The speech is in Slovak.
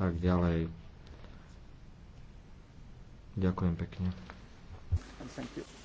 tak ďalej. Ďakujem pekne. Thank you.